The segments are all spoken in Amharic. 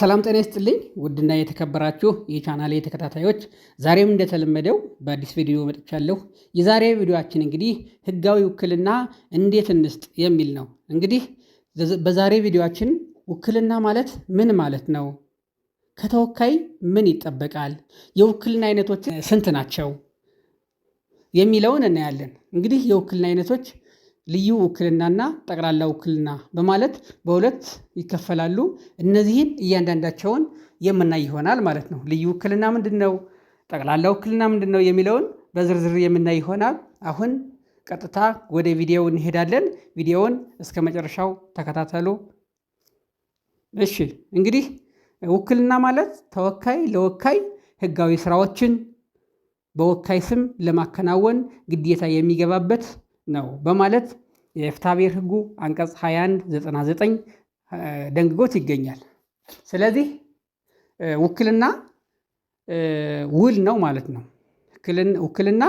ሰላም ጤና ይስጥልኝ ውድና የተከበራችሁ የቻናሌ ተከታታዮች፣ ዛሬም እንደተለመደው በአዲስ ቪዲዮ መጥቻለሁ። የዛሬ ቪዲዮችን እንግዲህ ህጋዊ ውክልና እንዴት እንስጥ የሚል ነው። እንግዲህ በዛሬ ቪዲዮችን ውክልና ማለት ምን ማለት ነው? ከተወካይ ምን ይጠበቃል? የውክልና አይነቶች ስንት ናቸው? የሚለውን እናያለን። እንግዲህ የውክልና አይነቶች ልዩ ውክልናና ጠቅላላ ውክልና በማለት በሁለት ይከፈላሉ። እነዚህን እያንዳንዳቸውን የምናይ ይሆናል ማለት ነው። ልዩ ውክልና ምንድን ነው? ጠቅላላ ውክልና ምንድን ነው? የሚለውን በዝርዝር የምናይ ይሆናል። አሁን ቀጥታ ወደ ቪዲዮ እንሄዳለን። ቪዲዮውን እስከ መጨረሻው ተከታተሉ። እሺ እንግዲህ ውክልና ማለት ተወካይ ለወካይ ህጋዊ ስራዎችን በወካይ ስም ለማከናወን ግዴታ የሚገባበት ነው በማለት የፍትሐብሔር ህጉ አንቀጽ 2199 ደንግጎት ይገኛል። ስለዚህ ውክልና ውል ነው ማለት ነው። ውክልና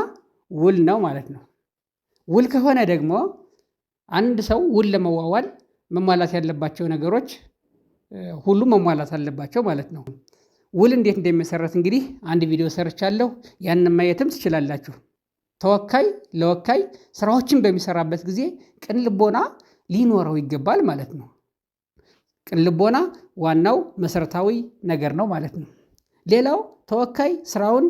ውል ነው ማለት ነው። ውል ከሆነ ደግሞ አንድ ሰው ውል ለመዋዋል መሟላት ያለባቸው ነገሮች ሁሉም መሟላት አለባቸው ማለት ነው። ውል እንዴት እንደሚመሰረት እንግዲህ አንድ ቪዲዮ ሰርቻለሁ። ያንን ማየትም ትችላላችሁ። ተወካይ ለወካይ ስራዎችን በሚሰራበት ጊዜ ቅን ልቦና ሊኖረው ይገባል ማለት ነው። ቅን ልቦና ዋናው መሰረታዊ ነገር ነው ማለት ነው። ሌላው ተወካይ ስራውን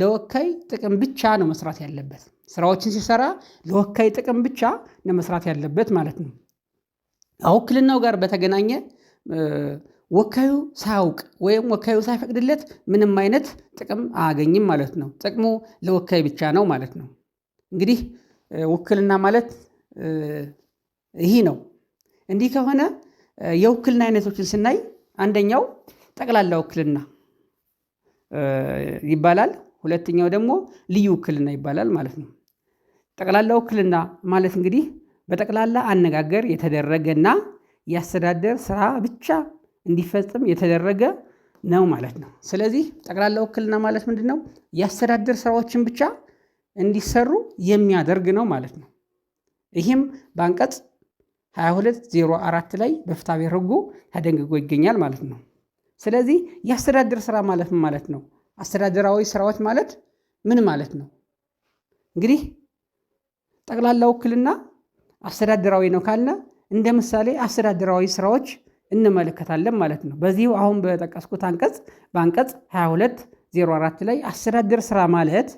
ለወካይ ጥቅም ብቻ ነው መስራት ያለበት። ስራዎችን ሲሰራ ለወካይ ጥቅም ብቻ ነው መስራት ያለበት ማለት ነው። ከውክልናው ጋር በተገናኘ ወካዩ ሳያውቅ ወይም ወካዩ ሳይፈቅድለት ምንም አይነት ጥቅም አያገኝም ማለት ነው። ጥቅሙ ለወካይ ብቻ ነው ማለት ነው። እንግዲህ ውክልና ማለት ይህ ነው። እንዲህ ከሆነ የውክልና አይነቶችን ስናይ አንደኛው ጠቅላላ ውክልና ይባላል። ሁለተኛው ደግሞ ልዩ ውክልና ይባላል ማለት ነው። ጠቅላላ ውክልና ማለት እንግዲህ በጠቅላላ አነጋገር የተደረገና የአስተዳደር ስራ ብቻ እንዲፈጽም የተደረገ ነው ማለት ነው። ስለዚህ ጠቅላላ ውክልና ማለት ምንድን ነው? የአስተዳደር ስራዎችን ብቻ እንዲሰሩ የሚያደርግ ነው ማለት ነው። ይህም በአንቀጽ 2204 ላይ በፍትሐብሔር ሕጉ ተደንግጎ ይገኛል ማለት ነው። ስለዚህ የአስተዳደር ስራ ማለት ምን ማለት ነው? አስተዳደራዊ ስራዎች ማለት ምን ማለት ነው? እንግዲህ ጠቅላላ ውክልና አስተዳደራዊ ነው ካልነ እንደ ምሳሌ አስተዳደራዊ ስራዎች እንመለከታለን ማለት ነው። በዚሁ አሁን በጠቀስኩት አንቀጽ በአንቀጽ 2204 ላይ አስተዳደር ስራ ማለት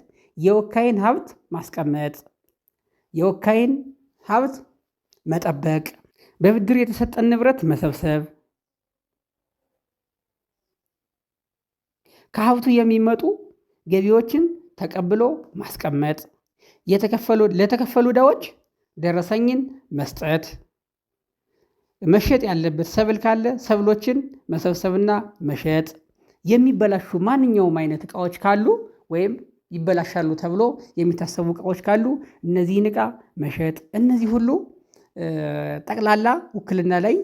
የወካይን ሀብት ማስቀመጥ፣ የወካይን ሀብት መጠበቅ፣ በብድር የተሰጠን ንብረት መሰብሰብ፣ ከሀብቱ የሚመጡ ገቢዎችን ተቀብሎ ማስቀመጥ፣ ለተከፈሉ ዕዳዎች ደረሰኝን መስጠት መሸጥ ያለበት ሰብል ካለ ሰብሎችን መሰብሰብና መሸጥ፣ የሚበላሹ ማንኛውም አይነት እቃዎች ካሉ ወይም ይበላሻሉ ተብሎ የሚታሰቡ እቃዎች ካሉ እነዚህን እቃ መሸጥ፣ እነዚህ ሁሉ ጠቅላላ ውክልና ላይ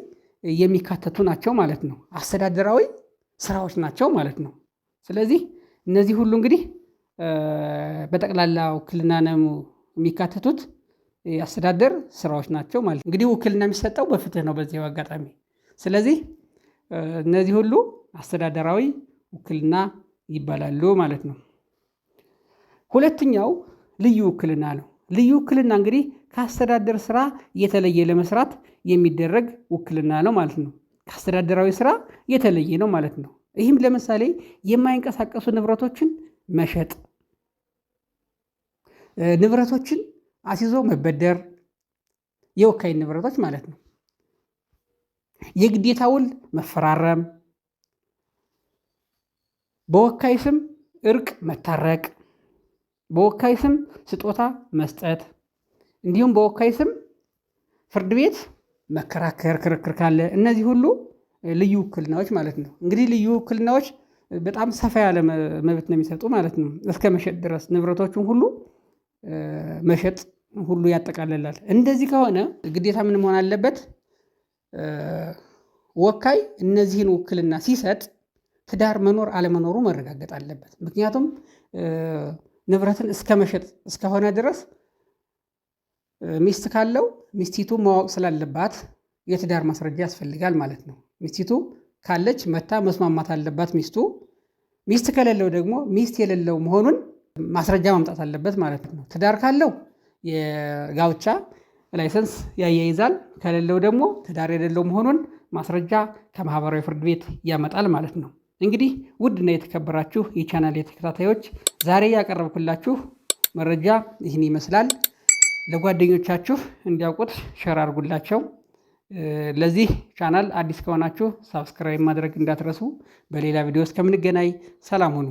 የሚካተቱ ናቸው ማለት ነው። አስተዳደራዊ ስራዎች ናቸው ማለት ነው። ስለዚህ እነዚህ ሁሉ እንግዲህ በጠቅላላ ውክልና ነው የሚካተቱት። የአስተዳደር ስራዎች ናቸው ማለት እንግዲህ ውክልና የሚሰጠው በፍትህ ነው በዚህ አጋጣሚ። ስለዚህ እነዚህ ሁሉ አስተዳደራዊ ውክልና ይባላሉ ማለት ነው። ሁለተኛው ልዩ ውክልና ነው። ልዩ ውክልና እንግዲህ ከአስተዳደር ስራ የተለየ ለመስራት የሚደረግ ውክልና ነው ማለት ነው። ከአስተዳደራዊ ስራ የተለየ ነው ማለት ነው። ይህም ለምሳሌ የማይንቀሳቀሱ ንብረቶችን መሸጥ፣ ንብረቶችን አስይዞ መበደር የወካይ ንብረቶች ማለት ነው። የግዴታ ውል መፈራረም፣ በወካይ ስም እርቅ መታረቅ፣ በወካይ ስም ስጦታ መስጠት፣ እንዲሁም በወካይ ስም ፍርድ ቤት መከራከር ክርክር ካለ እነዚህ ሁሉ ልዩ ውክልናዎች ማለት ነው። እንግዲህ ልዩ ውክልናዎች በጣም ሰፋ ያለ መብት ነው የሚሰጡ ማለት ነው። እስከ መሸጥ ድረስ ንብረቶቹን ሁሉ መሸጥ ሁሉ ያጠቃልላል። እንደዚህ ከሆነ ግዴታ ምን መሆን አለበት? ወካይ እነዚህን ውክልና ሲሰጥ ትዳር መኖር አለመኖሩ መረጋገጥ አለበት። ምክንያቱም ንብረትን እስከ መሸጥ እስከሆነ ድረስ ሚስት ካለው ሚስቲቱ ማወቅ ስላለባት የትዳር ማስረጃ ያስፈልጋል ማለት ነው። ሚስቲቱ ካለች መታ መስማማት አለባት ሚስቱ። ሚስት ከሌለው ደግሞ ሚስት የሌለው መሆኑን ማስረጃ ማምጣት አለበት ማለት ነው። ትዳር ካለው የጋብቻ ላይሰንስ ያያይዛል፣ ከሌለው ደግሞ ትዳር የሌለው መሆኑን ማስረጃ ከማህበራዊ ፍርድ ቤት ያመጣል ማለት ነው። እንግዲህ ውድና የተከበራችሁ የቻናል የተከታታዮች ዛሬ ያቀረብኩላችሁ መረጃ ይህን ይመስላል። ለጓደኞቻችሁ እንዲያውቁት ሸር አድርጉላቸው። ለዚህ ቻናል አዲስ ከሆናችሁ ሳብስክራይብ ማድረግ እንዳትረሱ። በሌላ ቪዲዮ እስከምንገናኝ ሰላም ሁኑ።